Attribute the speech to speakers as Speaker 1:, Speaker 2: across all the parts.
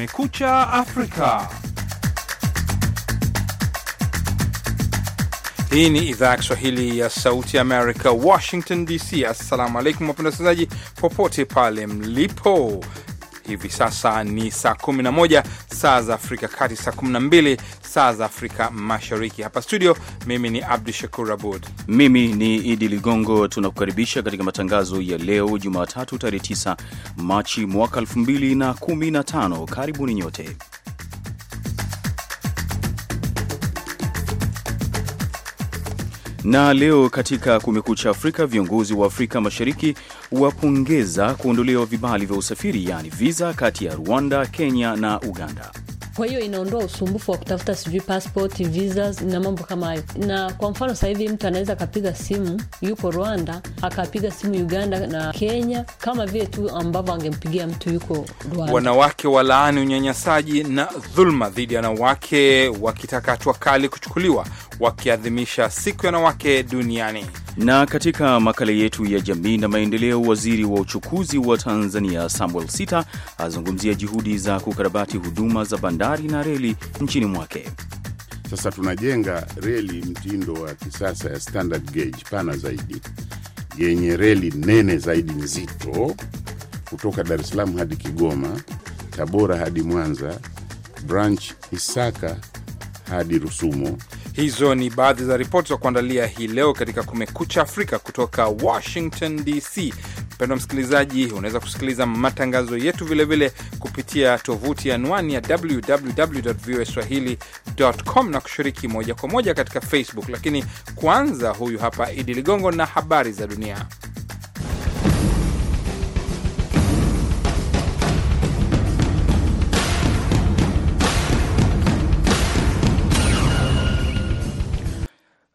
Speaker 1: Kumekucha Afrika. Hii ni idhaa ya Kiswahili ya Sauti Amerika, Washington DC. Assalamu alaikum wapenda wasikilizaji popote pale mlipo hivi sasa ni saa 11 saa za Afrika Kati, saa 12 saa za Afrika Mashariki. Hapa studio, mimi ni Abdu
Speaker 2: Shakur Abud, mimi ni Idi Ligongo. Tunakukaribisha katika matangazo ya leo Jumatatu tarehe 9 Machi mwaka 2015. Karibuni nyote. Na leo katika Kumekucha Afrika, viongozi wa Afrika Mashariki wapongeza kuondolewa vibali vya usafiri, yaani viza kati ya Rwanda, Kenya na Uganda.
Speaker 3: Kwa hiyo inaondoa usumbufu wa kutafuta sijui passport, visas na mambo kama hayo. Na kwa mfano sasa hivi mtu anaweza akapiga simu, yuko Rwanda, akapiga simu Uganda na Kenya, kama vile tu ambavyo angempigia mtu yuko
Speaker 2: Rwanda.
Speaker 1: Wanawake walaani unyanyasaji na dhuluma dhidi ya wanawake, wakitaka hatua
Speaker 2: kali kuchukuliwa wakiadhimisha siku ya wanawake duniani. Na katika makala yetu ya jamii na maendeleo, waziri wa uchukuzi wa Tanzania Samuel Sita
Speaker 4: azungumzia juhudi za kukarabati huduma za bandari na reli nchini mwake. Sasa tunajenga reli mtindo wa kisasa ya standard gauge, pana zaidi, yenye reli nene zaidi, nzito, kutoka Dar es Salaam hadi Kigoma, Tabora hadi Mwanza, branch Isaka hadi Rusumo Hizo ni baadhi za ripoti za kuandalia hii leo katika Kumekucha Afrika kutoka
Speaker 1: Washington DC. Mpendwa msikilizaji, unaweza kusikiliza matangazo yetu vilevile vile kupitia tovuti anwani ya www voa swahili.com na kushiriki moja kwa moja katika Facebook. Lakini kwanza, huyu hapa Idi Ligongo na habari za dunia.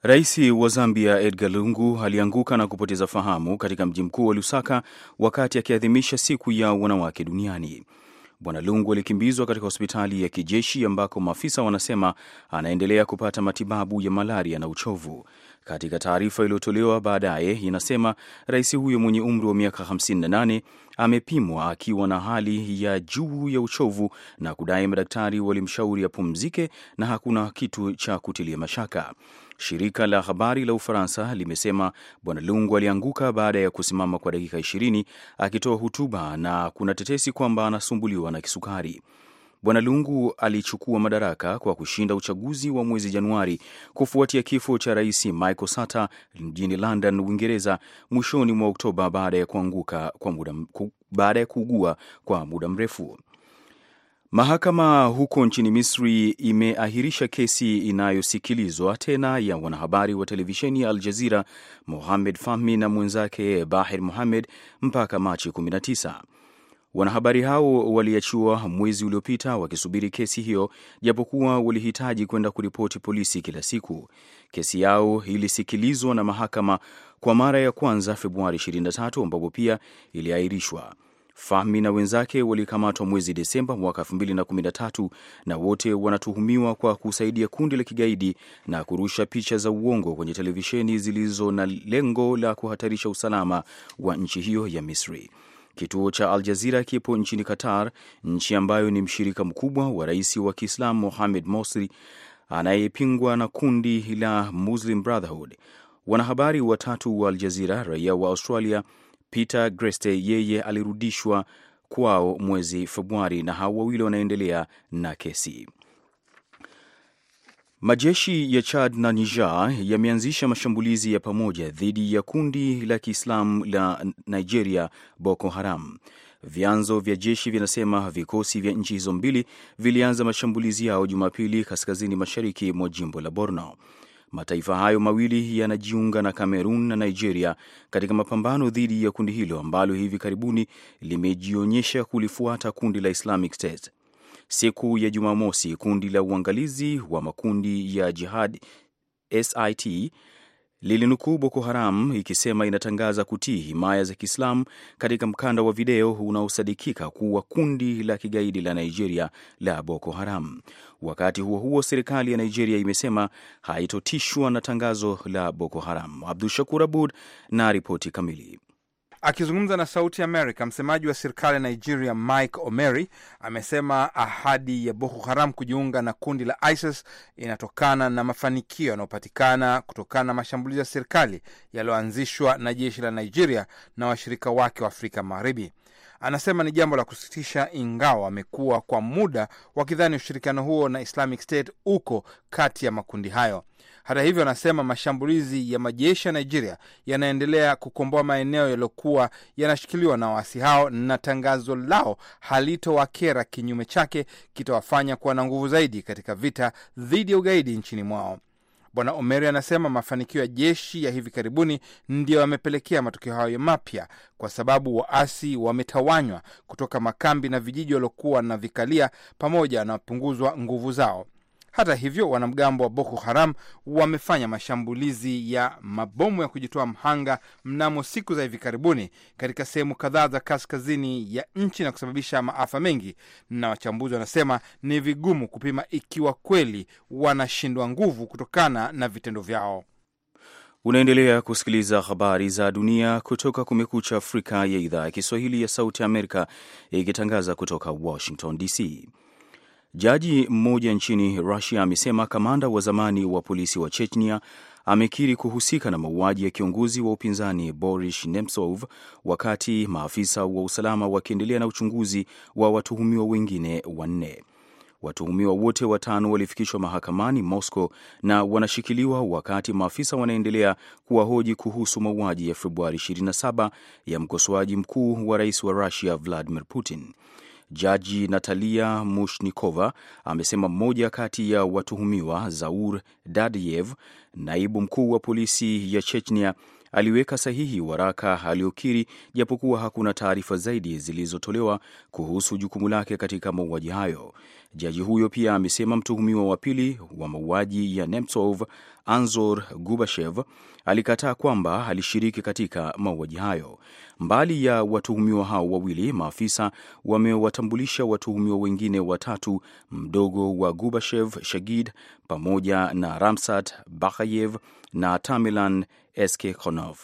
Speaker 2: Rais wa Zambia Edgar Lungu alianguka na kupoteza fahamu katika mji mkuu wa Lusaka wakati akiadhimisha siku ya wanawake duniani. Bwana Lungu alikimbizwa katika hospitali ya kijeshi ambako maafisa wanasema anaendelea kupata matibabu ya malaria na uchovu. Katika taarifa iliyotolewa baadaye, inasema rais huyo mwenye umri wa miaka 58 amepimwa akiwa na hali ya juu ya uchovu na kudai madaktari walimshauri apumzike na hakuna kitu cha kutilia mashaka. Shirika la habari la Ufaransa limesema Bwana Lungu alianguka baada ya kusimama kwa dakika ishirini akitoa hutuba na kuna tetesi kwamba anasumbuliwa na kisukari. Bwana Lungu alichukua madaraka kwa kushinda uchaguzi wa mwezi Januari kufuatia kifo cha Rais Michael Sata mjini London, Uingereza mwishoni mwa Oktoba baada ya kuanguka kwa muda, baada ya kuugua kwa muda mrefu. Mahakama huko nchini Misri imeahirisha kesi inayosikilizwa tena ya wanahabari wa televisheni ya Al Jazira Mohamed Fahmi na mwenzake Bahir Mohamed mpaka Machi 19. Wanahabari hao waliachua mwezi uliopita wakisubiri kesi hiyo, japokuwa walihitaji kwenda kuripoti polisi kila siku. Kesi yao ilisikilizwa na mahakama kwa mara ya kwanza Februari 23 ambapo pia iliahirishwa. Fahmi na wenzake walikamatwa mwezi Desemba mwaka 2013 na wote wanatuhumiwa kwa kusaidia kundi la kigaidi na kurusha picha za uongo kwenye televisheni zilizo na lengo la kuhatarisha usalama wa nchi hiyo ya Misri. Kituo cha Al Jazira kipo nchini Qatar, nchi ambayo ni mshirika mkubwa wa rais wa Kiislamu Mohamed Morsi anayepingwa na kundi la Muslim Brotherhood. Wanahabari watatu wa Al Jazira, raia wa Australia Peter Greste, yeye alirudishwa kwao mwezi Februari na hao wawili wanaendelea na kesi. Majeshi ya Chad na Niger yameanzisha mashambulizi ya pamoja dhidi ya kundi la Kiislamu la Nigeria Boko Haram. Vyanzo vya jeshi vinasema vikosi vya nchi hizo mbili vilianza mashambulizi yao Jumapili kaskazini mashariki mwa jimbo la Borno. Mataifa hayo mawili yanajiunga na Kamerun na Nigeria katika mapambano dhidi ya kundi hilo ambalo hivi karibuni limejionyesha kulifuata kundi la Islamic State. Siku ya Jumamosi, kundi la uangalizi wa makundi ya jihad SIT lilinukuu Boko Haram ikisema inatangaza kutii himaya za Kiislamu katika mkanda wa video unaosadikika kuwa kundi la kigaidi la Nigeria la Boko Haram. Wakati huo huo, serikali ya Nigeria imesema haitotishwa na tangazo la Boko Haram. Abdu Shakur Abud na ripoti kamili.
Speaker 1: Akizungumza na Sauti Amerika, msemaji wa serikali ya Nigeria Mike Omeri amesema ahadi ya Boko Haram kujiunga na kundi la ISIS inatokana na mafanikio yanayopatikana kutokana na mashambulizi ya serikali yaliyoanzishwa na jeshi la Nigeria na washirika wake wa Afrika Magharibi. Anasema ni jambo la kusikitisha, ingawa wamekuwa kwa muda wakidhani ushirikiano huo na Islamic State uko kati ya makundi hayo. Hata hivyo, anasema mashambulizi ya majeshi ya Nigeria yanaendelea kukomboa maeneo yaliyokuwa yanashikiliwa na waasi hao, na tangazo lao halitowakera, kinyume chake kitawafanya kuwa na nguvu zaidi katika vita dhidi ya ugaidi nchini mwao. Bwana Omeri anasema mafanikio ya jeshi ya hivi karibuni ndiyo yamepelekea matokeo hayo mapya, kwa sababu waasi wametawanywa kutoka makambi na vijiji waliokuwa na vikalia pamoja na kupunguzwa nguvu zao. Hata hivyo, wanamgambo wa Boko Haram wamefanya mashambulizi ya mabomu ya kujitoa mhanga mnamo siku za hivi karibuni katika sehemu kadhaa za kaskazini ya nchi na kusababisha maafa mengi, na wachambuzi wanasema ni vigumu kupima ikiwa kweli wanashindwa nguvu kutokana na vitendo vyao.
Speaker 2: Unaendelea kusikiliza habari za dunia kutoka Kumekucha Afrika ya idhaa ya Kiswahili ya Sauti ya Amerika, ikitangaza kutoka Washington DC. Jaji mmoja nchini Rusia amesema kamanda wa zamani wa polisi wa Chechnia amekiri kuhusika na mauaji ya kiongozi wa upinzani Boris Nemtsov wakati maafisa wa usalama wakiendelea na uchunguzi wa watuhumiwa wengine wanne. Watuhumiwa wote watano walifikishwa mahakamani Moscow na wanashikiliwa wakati maafisa wanaendelea kuwahoji kuhusu mauaji ya Februari 27 ya mkosoaji mkuu wa rais wa rusia Vladimir Putin. Jaji Natalia Mushnikova amesema mmoja kati ya watuhumiwa Zaur Dadyev, naibu mkuu wa polisi ya Chechnia, aliweka sahihi waraka aliokiri, japokuwa hakuna taarifa zaidi zilizotolewa kuhusu jukumu lake katika mauaji hayo. Jaji huyo pia amesema mtuhumiwa wa pili wa mauaji ya Nemtsov, Anzor Gubashev, alikataa kwamba alishiriki katika mauaji hayo. Mbali ya watuhumiwa hao wawili, maafisa wamewatambulisha watuhumiwa wengine watatu, mdogo wa Gubashev, Shagid, pamoja na Ramsat Bakhayev na Tamilan Eskekhonov.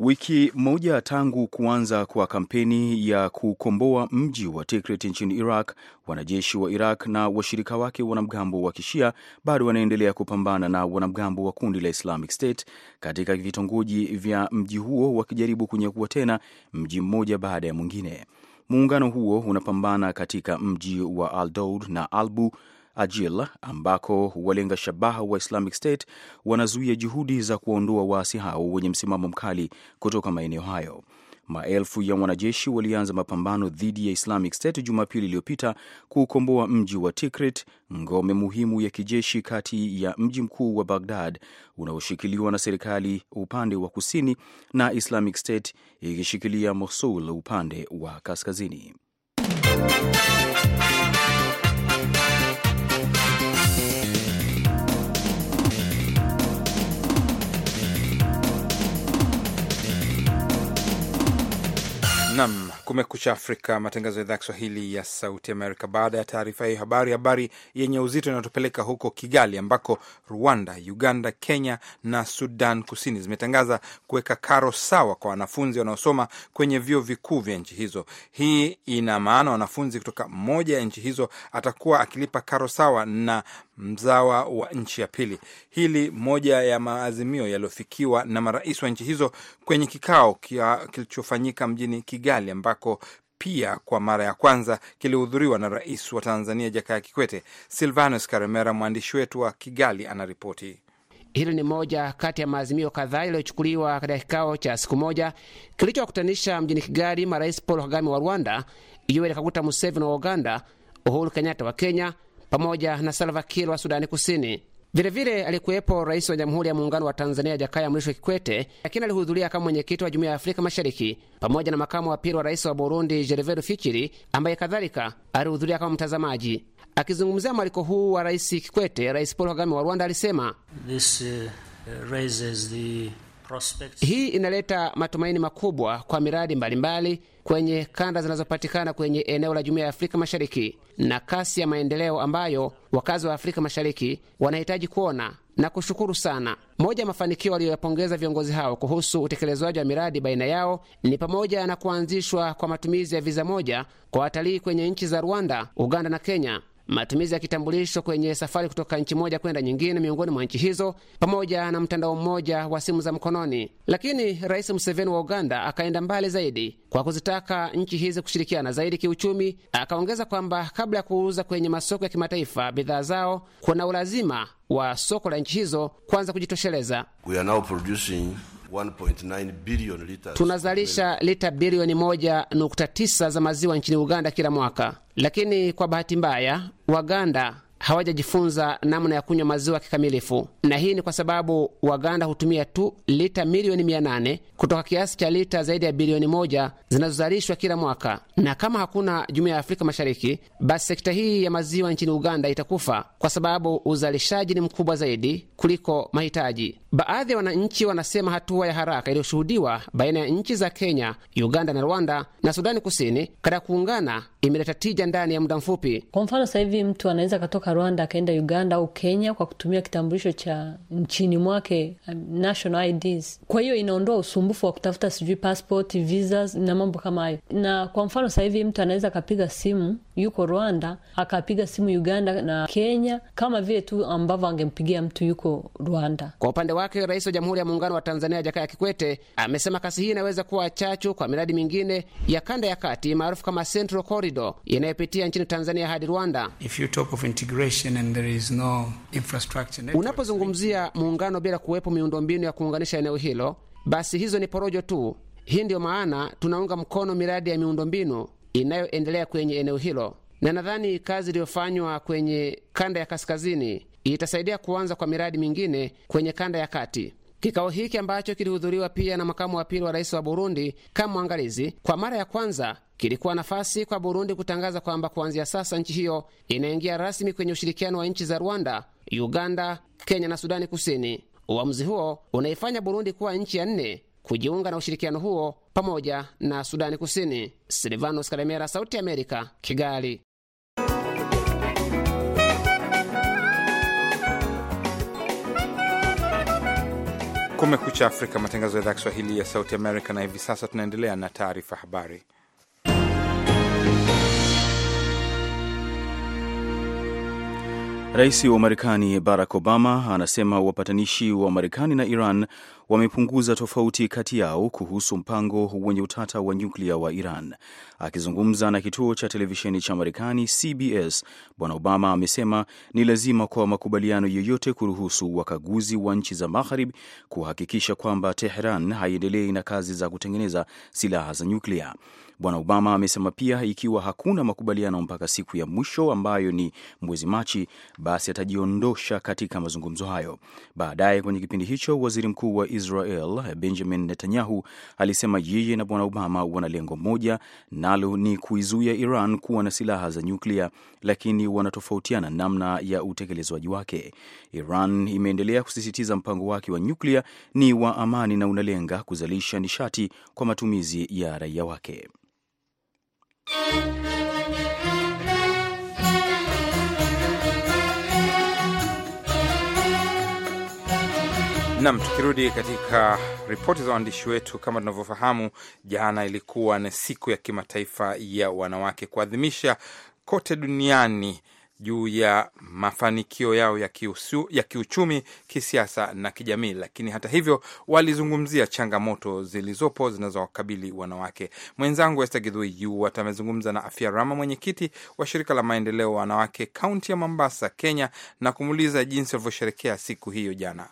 Speaker 2: Wiki moja tangu kuanza kwa kampeni ya kukomboa mji wa Tikrit nchini Iraq, wanajeshi wa Iraq na washirika wake wanamgambo wa Kishia bado wanaendelea kupambana na wanamgambo wa kundi la Islamic State katika vitongoji vya mji huo, wakijaribu kunyakua tena mji mmoja baada ya mwingine. Muungano huo unapambana katika mji wa aldoud na Albu Ajil ambako walenga shabaha wa Islamic State wanazuia juhudi za kuwaondoa waasi hao wenye msimamo mkali kutoka maeneo hayo. Maelfu ya wanajeshi walianza mapambano dhidi ya Islamic State Jumapili iliyopita kuukomboa mji wa Tikrit, ngome muhimu ya kijeshi kati ya mji mkuu wa Baghdad unaoshikiliwa na serikali upande wa kusini na Islamic State ikishikilia Mosul upande wa kaskazini.
Speaker 1: Nam kumekucha Afrika, matangazo ya idhaa Kiswahili ya sauti Amerika. Baada ya taarifa hiyo habari, habari yenye uzito inayotupeleka huko Kigali, ambako Rwanda, Uganda, Kenya na Sudan Kusini zimetangaza kuweka karo sawa kwa wanafunzi wanaosoma kwenye vyuo vikuu vya nchi hizo. Hii ina maana wanafunzi kutoka moja ya nchi hizo atakuwa akilipa karo sawa na mzawa wa nchi ya pili. Hili moja ya maazimio yaliyofikiwa na marais wa nchi hizo kwenye kikao kilichofanyika mjini Kigali, ambako pia kwa mara ya kwanza kilihudhuriwa na rais wa Tanzania Jakaya Kikwete. Silvanus Karemera, mwandishi wetu wa Kigali, anaripoti.
Speaker 5: Hili ni moja kati ya maazimio kadhaa yaliyochukuliwa katika kikao cha siku moja kilichowakutanisha mjini Kigali marais Paul Kagame wa Rwanda, Yoweri Kaguta Museveni wa Uganda, Uhuru Kenyatta wa Kenya pamoja na Salva Kiir wa Sudani Kusini. Vilevile alikuwepo rais wa Jamhuri ya Muungano wa Tanzania Jakaya Mrisho Kikwete, lakini alihudhuria kama mwenyekiti wa Jumuiya ya Afrika Mashariki, pamoja na makamu wa pili wa rais wa Burundi Gervais Rufyikiri ambaye kadhalika alihudhuria kama mtazamaji. Akizungumzia mwaliko huu wa rais Kikwete, Rais Paul Kagame wa Rwanda alisema This, uh, raises the hii inaleta matumaini makubwa kwa miradi mbalimbali mbali kwenye kanda zinazopatikana kwenye eneo la Jumuiya ya Afrika Mashariki na kasi ya maendeleo ambayo wakazi wa Afrika Mashariki wanahitaji kuona na kushukuru sana. Moja ya mafanikio aliyoyapongeza viongozi hao kuhusu utekelezwaji wa miradi baina yao ni pamoja na kuanzishwa kwa matumizi ya viza moja kwa watalii kwenye nchi za Rwanda, Uganda na Kenya matumizi ya kitambulisho kwenye safari kutoka nchi moja kwenda nyingine miongoni mwa nchi hizo, pamoja na mtandao mmoja wa simu za mkononi. Lakini Rais Museveni wa Uganda akaenda mbali zaidi kwa kuzitaka nchi hizi kushirikiana zaidi kiuchumi. Akaongeza kwamba kabla ya kuuza kwenye masoko ya kimataifa bidhaa zao, kuna ulazima wa soko la nchi hizo kwanza kujitosheleza. We are now producing... Tunazalisha lita bilioni 1.9 za maziwa nchini Uganda kila mwaka, lakini kwa bahati mbaya Waganda hawajajifunza namna ya kunywa maziwa kikamilifu, na hii ni kwa sababu Waganda hutumia tu lita milioni mia nane kutoka kiasi cha lita zaidi ya bilioni moja zinazozalishwa kila mwaka, na kama hakuna jumuiya ya Afrika Mashariki, basi sekta hii ya maziwa nchini Uganda itakufa kwa sababu uzalishaji ni mkubwa zaidi kuliko mahitaji. Baadhi ya wananchi wanasema hatua ya haraka iliyoshuhudiwa baina ya nchi za Kenya, Uganda na Rwanda na Sudani Kusini katika kuungana imeleta tija ndani ya muda mfupi.
Speaker 3: Kwa mfano, sasa hivi mtu anaweza katoka kutoka rwanda akaenda uganda au kenya kwa kutumia kitambulisho cha nchini mwake um, national IDs. kwa hiyo inaondoa usumbufu wa kutafuta sijui passport visas na mambo kama hayo na kwa mfano sahivi mtu anaweza akapiga simu yuko rwanda akapiga simu uganda na kenya kama vile tu ambavyo angempigia mtu yuko rwanda
Speaker 5: kwa upande wake rais wa jamhuri ya muungano wa tanzania jakaya kikwete amesema kasi hii inaweza kuwa chachu kwa miradi mingine ya kanda ya kati maarufu kama central corridor inayopitia nchini tanzania hadi rwanda If you talk of integration no unapozungumzia muungano bila kuwepo miundombinu ya kuunganisha eneo hilo, basi hizo ni porojo tu. Hii ndiyo maana tunaunga mkono miradi ya miundombinu inayoendelea kwenye eneo hilo, na nadhani kazi iliyofanywa kwenye kanda ya kaskazini itasaidia kuanza kwa miradi mingine kwenye kanda ya kati. Kikao hiki ambacho kilihudhuriwa pia na makamu wa pili wa rais wa Burundi kama mwangalizi, kwa mara ya kwanza kilikuwa nafasi kwa Burundi kutangaza kwamba kuanzia sasa nchi hiyo inaingia rasmi kwenye ushirikiano wa nchi za Rwanda, Uganda, Kenya na Sudani Kusini. Uamuzi huo unaifanya Burundi kuwa nchi ya nne kujiunga na ushirikiano huo pamoja na Sudani Kusini. Silvanos Karemera, Sauti ya Amerika, Kigali.
Speaker 1: Kumekucha Afrika, matangazo ya idhaa Kiswahili ya Sauti Amerika. Na hivi sasa tunaendelea na taarifa habari.
Speaker 2: Rais wa Marekani Barack Obama anasema wapatanishi wa Marekani na Iran wamepunguza tofauti kati yao kuhusu mpango wenye utata wa nyuklia wa Iran. Akizungumza na kituo cha televisheni cha Marekani CBS, Bwana Obama amesema ni lazima kwa makubaliano yoyote kuruhusu wakaguzi wa nchi za Magharibi kuhakikisha kwamba Tehran haiendelei na kazi za kutengeneza silaha za nyuklia. Bwana Obama amesema pia ikiwa hakuna makubaliano mpaka siku ya mwisho ambayo ni mwezi Machi, basi atajiondosha katika mazungumzo hayo. Baadaye kwenye kipindi hicho, waziri mkuu wa Israel Benjamin Netanyahu alisema yeye na Bwana Obama wana lengo moja, nalo ni kuizuia Iran kuwa na silaha za nyuklia, lakini wanatofautiana namna ya utekelezwaji wake. Iran imeendelea kusisitiza mpango wake wa nyuklia ni wa amani na unalenga kuzalisha nishati kwa matumizi ya raia wake.
Speaker 1: Nam, tukirudi katika ripoti za waandishi wetu, kama tunavyofahamu, jana ilikuwa ni siku ya kimataifa ya wanawake kuadhimisha kote duniani juu ya mafanikio yao ya, kiusu, ya kiuchumi, kisiasa na kijamii. Lakini hata hivyo walizungumzia changamoto zilizopo zinazowakabili wanawake. Mwenzangu Esther Githui Yuwat amezungumza na Afia Rama, mwenyekiti wa shirika la maendeleo wanawake kaunti ya Mombasa, Kenya, na kumuuliza jinsi walivyosherekea siku hiyo jana.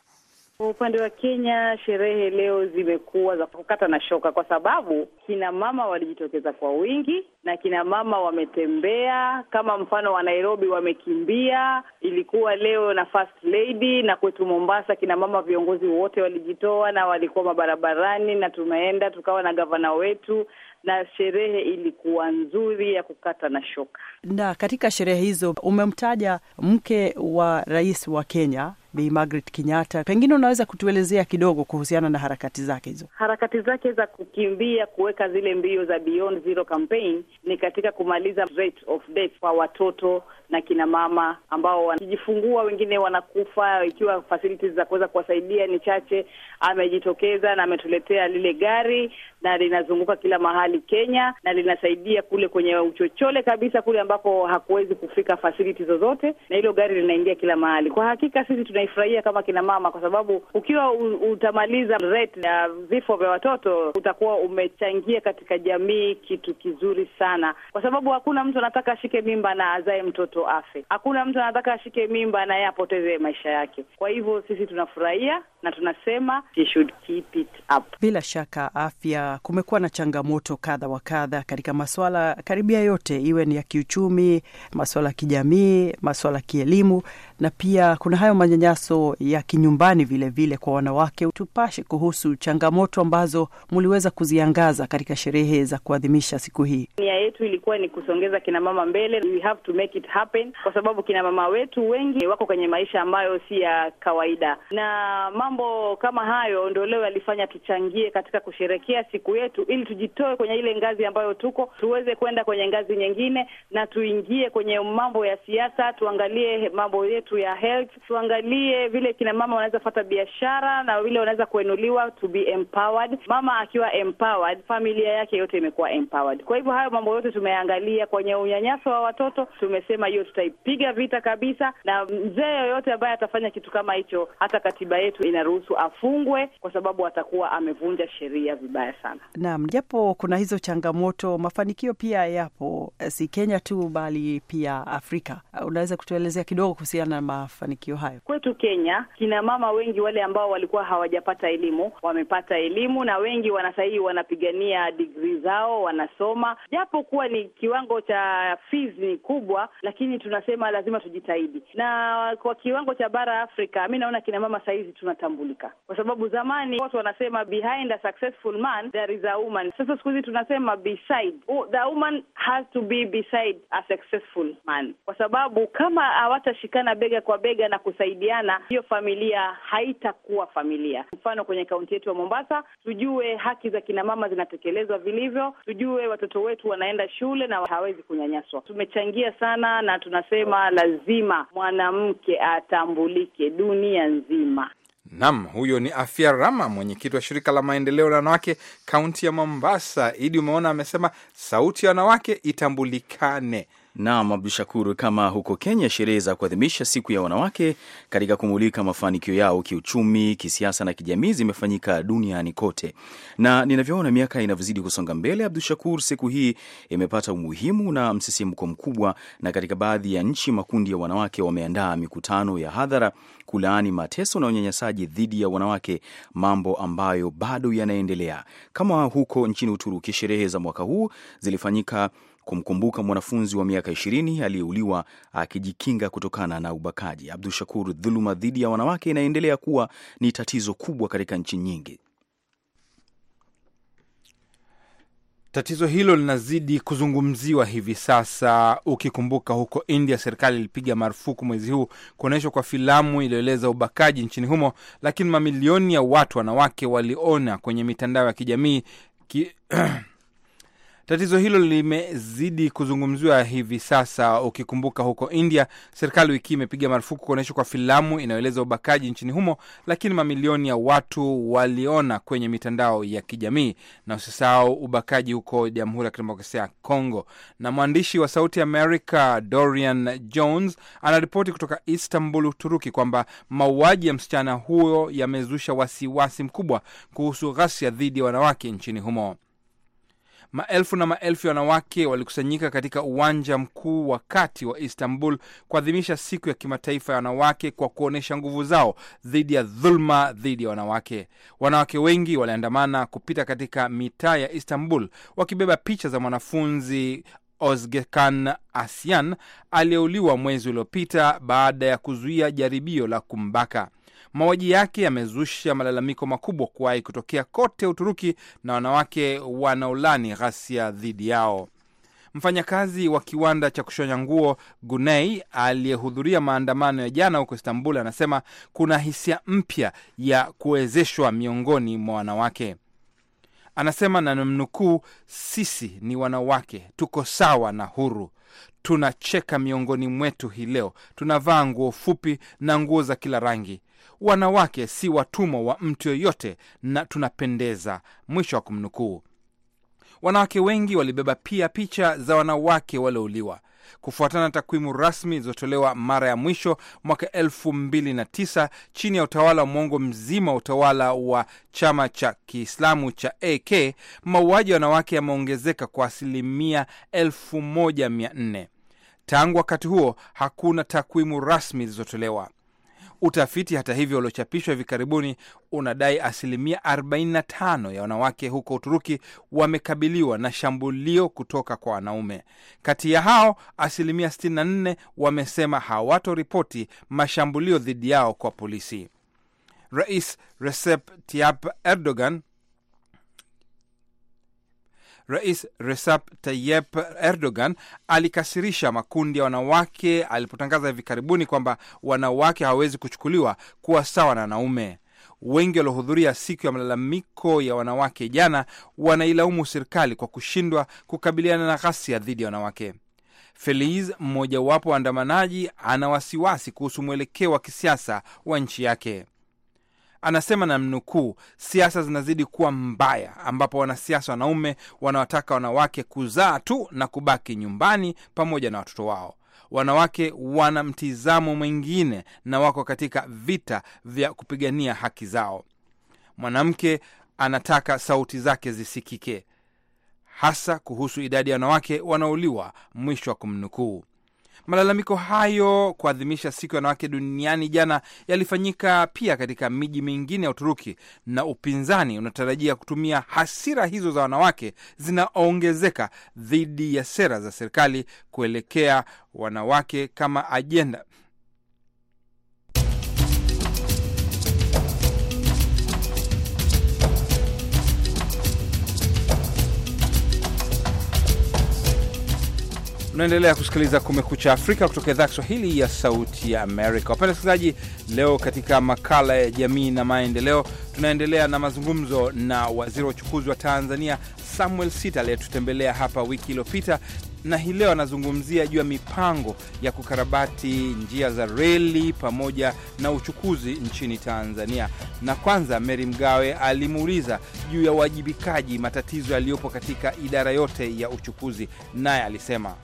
Speaker 3: Kwa upande wa Kenya, sherehe leo zimekuwa za kukata na shoka, kwa sababu kina mama walijitokeza kwa wingi na kina mama wametembea. Kama mfano wa Nairobi wamekimbia, ilikuwa leo na first lady, na kwetu Mombasa kina mama viongozi wote walijitoa na walikuwa mabarabarani, na tumeenda tukawa na gavana wetu na sherehe ilikuwa nzuri ya kukata na shoka. Na katika sherehe hizo umemtaja mke wa rais wa Kenya Bi Margaret Kenyatta, pengine unaweza kutuelezea kidogo kuhusiana na harakati zake hizo. Harakati zake za kukimbia kuweka zile mbio za Beyond Zero Campaign ni katika kumaliza rate of death kwa watoto na kina mama ambao wanajifungua, wengine wanakufa, ikiwa facilities za kuweza kuwasaidia ni chache. Amejitokeza na ametuletea lile gari na linazunguka kila mahali Kenya na linasaidia kule kwenye uchochole kabisa, kule ambapo hakuwezi kufika facilities zozote, na hilo gari linaingia kila mahali. Kwa hakika sisi tuna naifurahia kama kina mama, kwa sababu ukiwa utamaliza rate ya vifo vya watoto utakuwa umechangia katika jamii kitu kizuri sana, kwa sababu hakuna mtu anataka ashike mimba na azae mtoto afe. Hakuna mtu anataka ashike mimba na yeye apoteze maisha yake. Kwa hivyo sisi tunafurahia na tunasema should keep it up. Bila shaka afya, kumekuwa na changamoto kadha wa kadha katika maswala karibia yote, iwe ni ya kiuchumi, maswala ya kijamii, maswala ya kielimu, na pia kuna hayo manyanya manyanyaso ya kinyumbani vilevile vile kwa wanawake, tupashe kuhusu changamoto ambazo mliweza kuziangaza katika sherehe za kuadhimisha siku hii. Nia yetu ilikuwa ni kusongeza kinamama mbele, we have to make it happen, kwa sababu kinamama wetu wengi wako kwenye maisha ambayo si ya kawaida, na mambo kama hayo ndio leo yalifanya tuchangie katika kusherekea siku yetu, ili tujitoe kwenye ile ngazi ambayo tuko, tuweze kwenda kwenye ngazi nyingine, na tuingie kwenye mambo ya siasa, tuangalie mambo yetu ya health, tuangalie tuangalie vile kina mama wanaweza fata biashara na vile wanaweza kuenuliwa to be empowered. Mama akiwa empowered, familia yake yote imekuwa empowered. Kwa hivyo hayo mambo yote tumeangalia. Kwenye unyanyaso wa watoto tumesema hiyo tutaipiga vita kabisa, na mzee yoyote ambaye atafanya kitu kama hicho, hata katiba yetu inaruhusu afungwe, kwa sababu atakuwa amevunja sheria vibaya sana. Naam, japo kuna hizo changamoto, mafanikio pia yapo, eh, si Kenya tu bali pia Afrika. Uh, unaweza kutuelezea kidogo kuhusiana na mafanikio hayo? tu Kenya, kina mama wengi wale ambao walikuwa hawajapata elimu wamepata elimu, na wengi wanasahii wanapigania digrii zao, wanasoma, japo kuwa ni kiwango cha fees ni kubwa, lakini tunasema lazima tujitahidi. Na kwa kiwango cha bara Afrika, mi naona kina mama sahizi tunatambulika, kwa sababu zamani watu wanasema behind a successful man there is a woman. Sasa siku hizi tunasema beside oh, the woman has to be beside a successful man, kwa sababu kama hawatashikana bega kwa bega na kusaidia kushirikiana, hiyo familia haitakuwa familia. Mfano, kwenye kaunti yetu ya Mombasa, tujue haki za kinamama zinatekelezwa vilivyo, tujue watoto wetu wanaenda shule na hawezi kunyanyaswa. Tumechangia sana, na tunasema lazima mwanamke atambulike dunia nzima.
Speaker 1: Nam, huyo ni Afia Rama, mwenyekiti wa shirika la maendeleo la wanawake kaunti ya Mombasa. Idi, umeona amesema sauti ya wanawake itambulikane.
Speaker 2: Naam, Abdu Shakur, kama huko Kenya sherehe za kuadhimisha siku ya wanawake katika kumulika mafanikio yao kiuchumi, kisiasa na kijamii zimefanyika duniani kote, na ninavyoona miaka inavyozidi kusonga mbele, Abdu Shakur, siku hii imepata umuhimu na msisimko mkubwa, na katika baadhi ya nchi makundi ya wanawake wameandaa mikutano ya hadhara kulaani mateso na unyanyasaji dhidi ya wanawake, mambo ambayo bado yanaendelea, kama huko nchini Uturuki sherehe za mwaka huu zilifanyika kumkumbuka mwanafunzi wa miaka 20 aliyeuliwa akijikinga kutokana na ubakaji. Abdu Shakur, dhuluma dhidi ya wanawake inaendelea kuwa ni tatizo kubwa katika nchi nyingi. Tatizo hilo linazidi kuzungumziwa hivi
Speaker 1: sasa. Ukikumbuka huko India, serikali ilipiga marufuku mwezi huu kuonyeshwa kwa filamu iliyoeleza ubakaji nchini humo, lakini mamilioni ya watu wanawake waliona kwenye mitandao ya kijamii ki Tatizo hilo limezidi kuzungumziwa hivi sasa. Ukikumbuka huko India, serikali wiki imepiga marufuku kuonyeshwa kwa filamu inayoeleza ubakaji nchini humo, lakini mamilioni ya watu waliona kwenye mitandao ya kijamii. Na usisahau ubakaji huko Jamhuri ya Kidemokrasia ya Kongo. Na mwandishi wa Sauti America Dorian Jones anaripoti kutoka Istanbul, Uturuki, kwamba mauaji ya msichana huyo yamezusha wasiwasi mkubwa kuhusu ghasia dhidi ya wanawake nchini humo. Maelfu na maelfu ya wanawake walikusanyika katika uwanja mkuu wa kati wa Istanbul kuadhimisha siku ya kimataifa ya wanawake kwa kuonyesha nguvu zao dhidi ya dhuluma dhidi ya wanawake. Wanawake wengi waliandamana kupita katika mitaa ya Istanbul wakibeba picha za mwanafunzi Ozgekan Asyan aliyeuliwa mwezi uliopita baada ya kuzuia jaribio la kumbaka. Mauaji yake yamezusha malalamiko makubwa kuwahi kutokea kote Uturuki, na wanawake wanaolani ghasia dhidi yao. Mfanyakazi wa kiwanda cha kushonya nguo Gunei aliyehudhuria maandamano ya jana huko Istanbul anasema kuna hisia mpya ya kuwezeshwa miongoni mwa wanawake. Anasema na namnukuu, sisi ni wanawake, tuko sawa na huru, tunacheka miongoni mwetu hii leo, tunavaa nguo fupi na nguo za kila rangi, wanawake si watumwa wa mtu yoyote na tunapendeza. Mwisho wa kumnukuu. Wanawake wengi walibeba pia picha za wanawake waliouliwa. Kufuatana na takwimu rasmi zilizotolewa mara ya mwisho mwaka elfu mbili na tisa chini ya utawala wa mwongo mzima wa utawala wa chama cha Kiislamu cha AK, mauaji ya wanawake yameongezeka kwa asilimia elfu moja mia nne. Tangu wakati huo hakuna takwimu rasmi zilizotolewa. Utafiti hata hivyo uliochapishwa hivi karibuni unadai asilimia 45 ya wanawake huko Uturuki wamekabiliwa na shambulio kutoka kwa wanaume. Kati ya hao asilimia 64 wamesema hawatoripoti mashambulio dhidi yao kwa polisi. Rais Recep Tayyip Erdogan Rais Recep Tayyip Erdogan alikasirisha makundi ya wanawake alipotangaza hivi karibuni kwamba wanawake hawawezi kuchukuliwa kuwa sawa na wanaume. Wengi waliohudhuria siku ya malalamiko ya wanawake jana wanailaumu serikali kwa kushindwa kukabiliana na ghasia dhidi ya wanawake. Feliz, mmojawapo waandamanaji, ana wasiwasi kuhusu mwelekeo wa kisiasa wa nchi yake. Anasema na mnukuu, siasa zinazidi kuwa mbaya, ambapo wanasiasa wanaume wanawataka wanawake kuzaa tu na kubaki nyumbani pamoja na watoto wao. Wanawake wana mtizamo mwingine na wako katika vita vya kupigania haki zao. Mwanamke anataka sauti zake zisikike, hasa kuhusu idadi ya wanawake wanauliwa mwisho wa kumnukuu. Malalamiko hayo kuadhimisha siku ya wanawake duniani jana yalifanyika pia katika miji mingine ya Uturuki, na upinzani unatarajia kutumia hasira hizo za wanawake zinaongezeka dhidi ya sera za serikali kuelekea wanawake kama ajenda Unaendelea kusikiliza Kumekucha Afrika kutoka idhaa Kiswahili ya Sauti ya Amerika. Wapenda wasikilizaji, leo katika makala ya jamii na maendeleo, tunaendelea na mazungumzo na waziri wa uchukuzi wa Tanzania Samuel Sita aliyetutembelea hapa wiki iliyopita, na hii leo anazungumzia juu ya mipango ya kukarabati njia za reli pamoja na uchukuzi nchini Tanzania. Na kwanza Meri Mgawe alimuuliza juu ya uwajibikaji, matatizo yaliyopo katika idara yote ya uchukuzi, naye alisema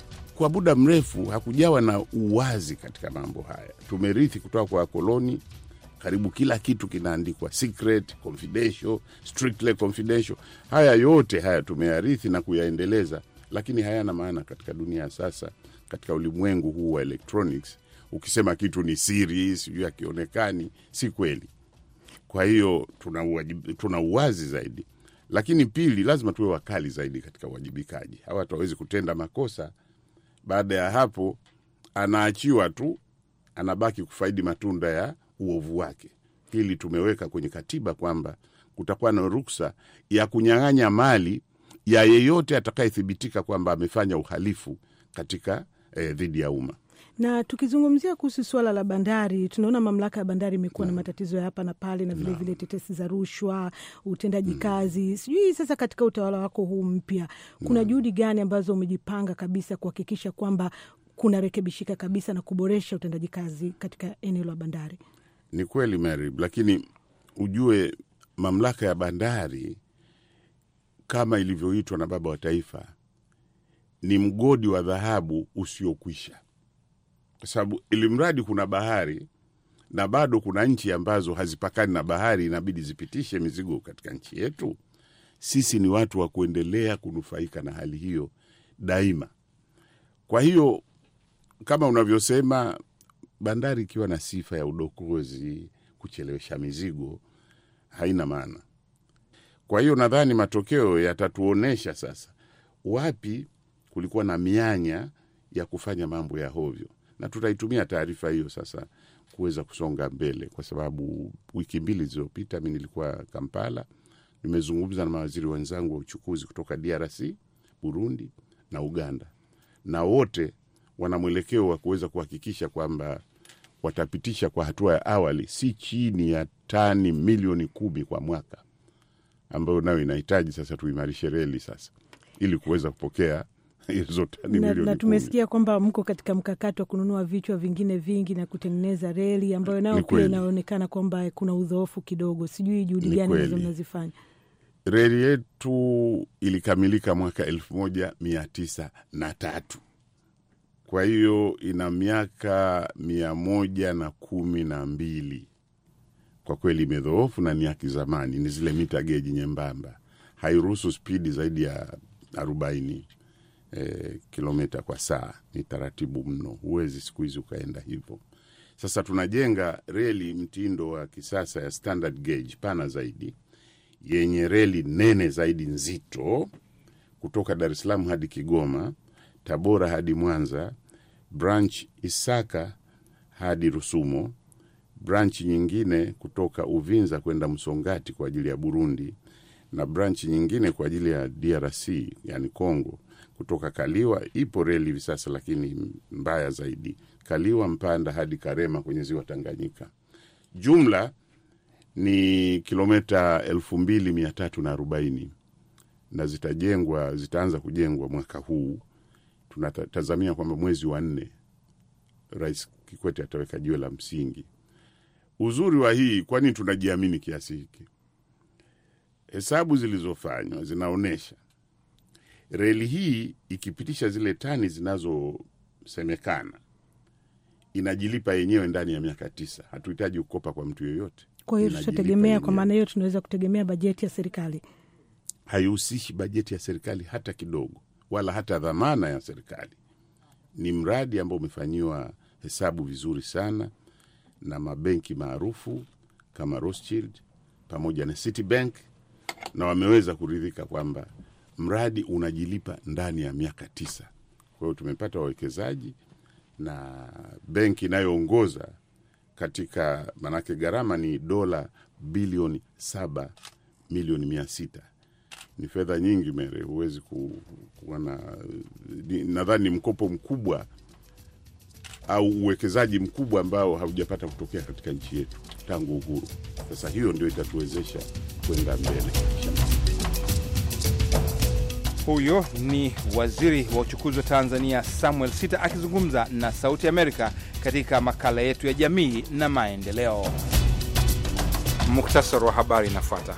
Speaker 4: kwa muda mrefu hakujawa na uwazi katika mambo haya. Tumerithi kutoka kwa wakoloni, karibu kila kitu kinaandikwa secret, confidential, strictly confidential. Haya yote haya tumeyarithi na kuyaendeleza, lakini hayana maana katika dunia ya sasa, katika ulimwengu huu wa electronics. Ukisema kitu ni siri, sijui hakionekani, si kweli. Kwa hiyo tuna, tuna uwazi zaidi, lakini pili, lazima tuwe wakali zaidi katika uwajibikaji. Hawa hawatawezi kutenda makosa baada ya hapo, anaachiwa tu, anabaki kufaidi matunda ya uovu wake. Hili tumeweka kwenye katiba kwamba kutakuwa na ruksa ya kunyang'anya mali ya yeyote atakayethibitika kwamba amefanya uhalifu katika eh, dhidi ya umma.
Speaker 3: Na tukizungumzia kuhusu suala la bandari, tunaona mamlaka ya bandari imekuwa na mm. matatizo ya hapa na pale na vilevile tetesi za rushwa, utendaji mm. kazi. Sijui sasa katika utawala wako huu mpya kuna juhudi gani ambazo umejipanga kabisa kuhakikisha kwamba kunarekebishika kabisa na kuboresha utendaji kazi katika eneo la bandari?
Speaker 4: Ni kweli Mary, lakini ujue mamlaka ya bandari kama ilivyoitwa na baba wa taifa ni mgodi wa dhahabu usiokwisha kwa sababu ilimradi kuna bahari na bado kuna nchi ambazo hazipakani na bahari, inabidi zipitishe mizigo katika nchi yetu. Sisi ni watu wa kuendelea kunufaika na hali hiyo daima. Kwa hiyo kama unavyosema, bandari ikiwa na sifa ya udokozi, kuchelewesha mizigo, haina maana. Kwa hiyo nadhani matokeo yatatuonyesha sasa wapi kulikuwa na mianya ya kufanya mambo ya hovyo na tutaitumia taarifa hiyo sasa kuweza kusonga mbele, kwa sababu wiki mbili zilizopita mi nilikuwa Kampala, nimezungumza na mawaziri wenzangu wa uchukuzi kutoka DRC, Burundi na Uganda, na wote wana mwelekeo wa kuweza kuhakikisha kwamba watapitisha kwa hatua ya awali si chini ya tani milioni kumi kwa mwaka, ambayo nayo inahitaji sasa tuimarishe reli sasa ili kuweza kupokea zote na tumesikia
Speaker 3: kwamba mko katika mkakati wa kununua vichwa vingine vingi na kutengeneza reli ambayo nayo pia inaonekana kwamba kuna udhoofu kidogo. Sijui juhudi gani hizo mnazifanya?
Speaker 4: Reli yetu ilikamilika mwaka elfu moja mia tisa na tatu kwa hiyo ina miaka mia moja na kumi na mbili. Kwa kweli imedhoofu na ni ya kizamani, ni zile mita geji nyembamba, hairuhusu spidi zaidi ya arobaini e, kilomita kwa saa ni taratibu mno, huwezi siku hizi ukaenda hivyo. Sasa tunajenga reli mtindo wa kisasa ya standard gauge, pana zaidi, yenye reli nene zaidi, nzito, kutoka Dar es Salaam hadi Kigoma, Tabora hadi Mwanza, branch Isaka hadi Rusumo, branch nyingine kutoka Uvinza kwenda Msongati kwa ajili ya Burundi, na branch nyingine kwa ajili ya DRC, yani Congo kutoka Kaliwa. Ipo reli hivi sasa, lakini mbaya zaidi, Kaliwa Mpanda hadi Karema kwenye ziwa Tanganyika. Jumla ni kilometa elfu mbili mia tatu na arobaini na zitajengwa, zitaanza kujengwa mwaka huu. Tunatazamia kwamba mwezi wa nne Rais Kikwete ataweka jiwe la msingi. Uzuri wa hii, kwani tunajiamini kiasi hiki, hesabu zilizofanywa zinaonyesha reli hii ikipitisha zile tani zinazosemekana inajilipa yenyewe ndani ya miaka tisa. Hatuhitaji kukopa kwa mtu yoyote. Kwa hiyo tutategemea, kwa
Speaker 3: maana hiyo tunaweza kutegemea bajeti ya serikali.
Speaker 4: Haihusishi bajeti ya serikali hata kidogo, wala hata dhamana ya serikali. Ni mradi ambao umefanyiwa hesabu vizuri sana na mabenki maarufu kama Rothschild pamoja na Citibank, na wameweza kuridhika kwamba mradi unajilipa ndani ya miaka tisa. Kwa hiyo tumepata wawekezaji na benki inayoongoza katika, maanake gharama ni dola bilioni saba milioni mia sita ni fedha nyingi mere, huwezi kuwa na, nadhani mkopo mkubwa au uwekezaji mkubwa ambao haujapata kutokea katika nchi yetu tangu uhuru. Sasa hiyo ndio itatuwezesha kwenda mbele.
Speaker 1: Huyo ni waziri wa uchukuzi wa Tanzania Samuel Sita akizungumza na Sauti Amerika katika makala yetu ya jamii na maendeleo. Muktasari wa habari inafuata.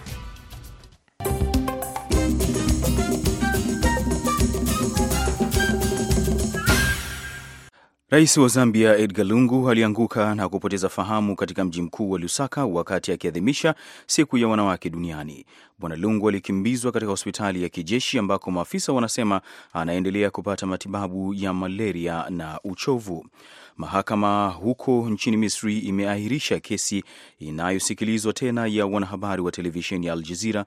Speaker 2: Rais wa Zambia Edgar Lungu alianguka na kupoteza fahamu katika mji mkuu wa Lusaka wakati akiadhimisha siku ya wanawake duniani. Bwana Lungu alikimbizwa katika hospitali ya kijeshi ambako maafisa wanasema anaendelea kupata matibabu ya malaria na uchovu. Mahakama huko nchini Misri imeahirisha kesi inayosikilizwa tena ya wanahabari wa televisheni ya Aljazira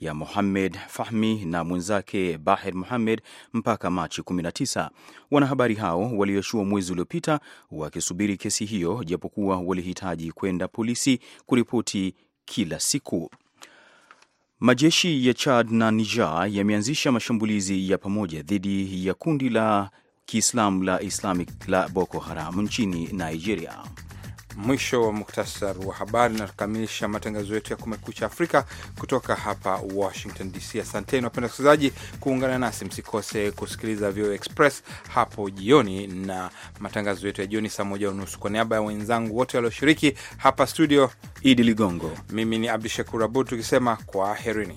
Speaker 2: ya Mohamed Fahmi na mwenzake Baher Mohamed mpaka Machi 19. Wanahabari hao walioshua mwezi uliopita wakisubiri kesi hiyo, japokuwa walihitaji kwenda polisi kuripoti kila siku. Majeshi ya Chad na Niger yameanzisha mashambulizi ya pamoja dhidi ya kundi la Kiislamu la Islamic la Boko Haram nchini Nigeria. Mwisho wa muktasar
Speaker 1: wa habari, na matangazo yetu ya Kumekucha Afrika kutoka hapa Washington DC. Asanteni wapenda wasikilizaji kuungana nasi, msikose kusikiliza VOA Express hapo jioni na matangazo yetu ya jioni saa moja unusu. Kwa niaba ya wenzangu wote walioshiriki hapa studio, Idi Ligongo, mimi ni Abdu Shakur Abud tukisema kwa herini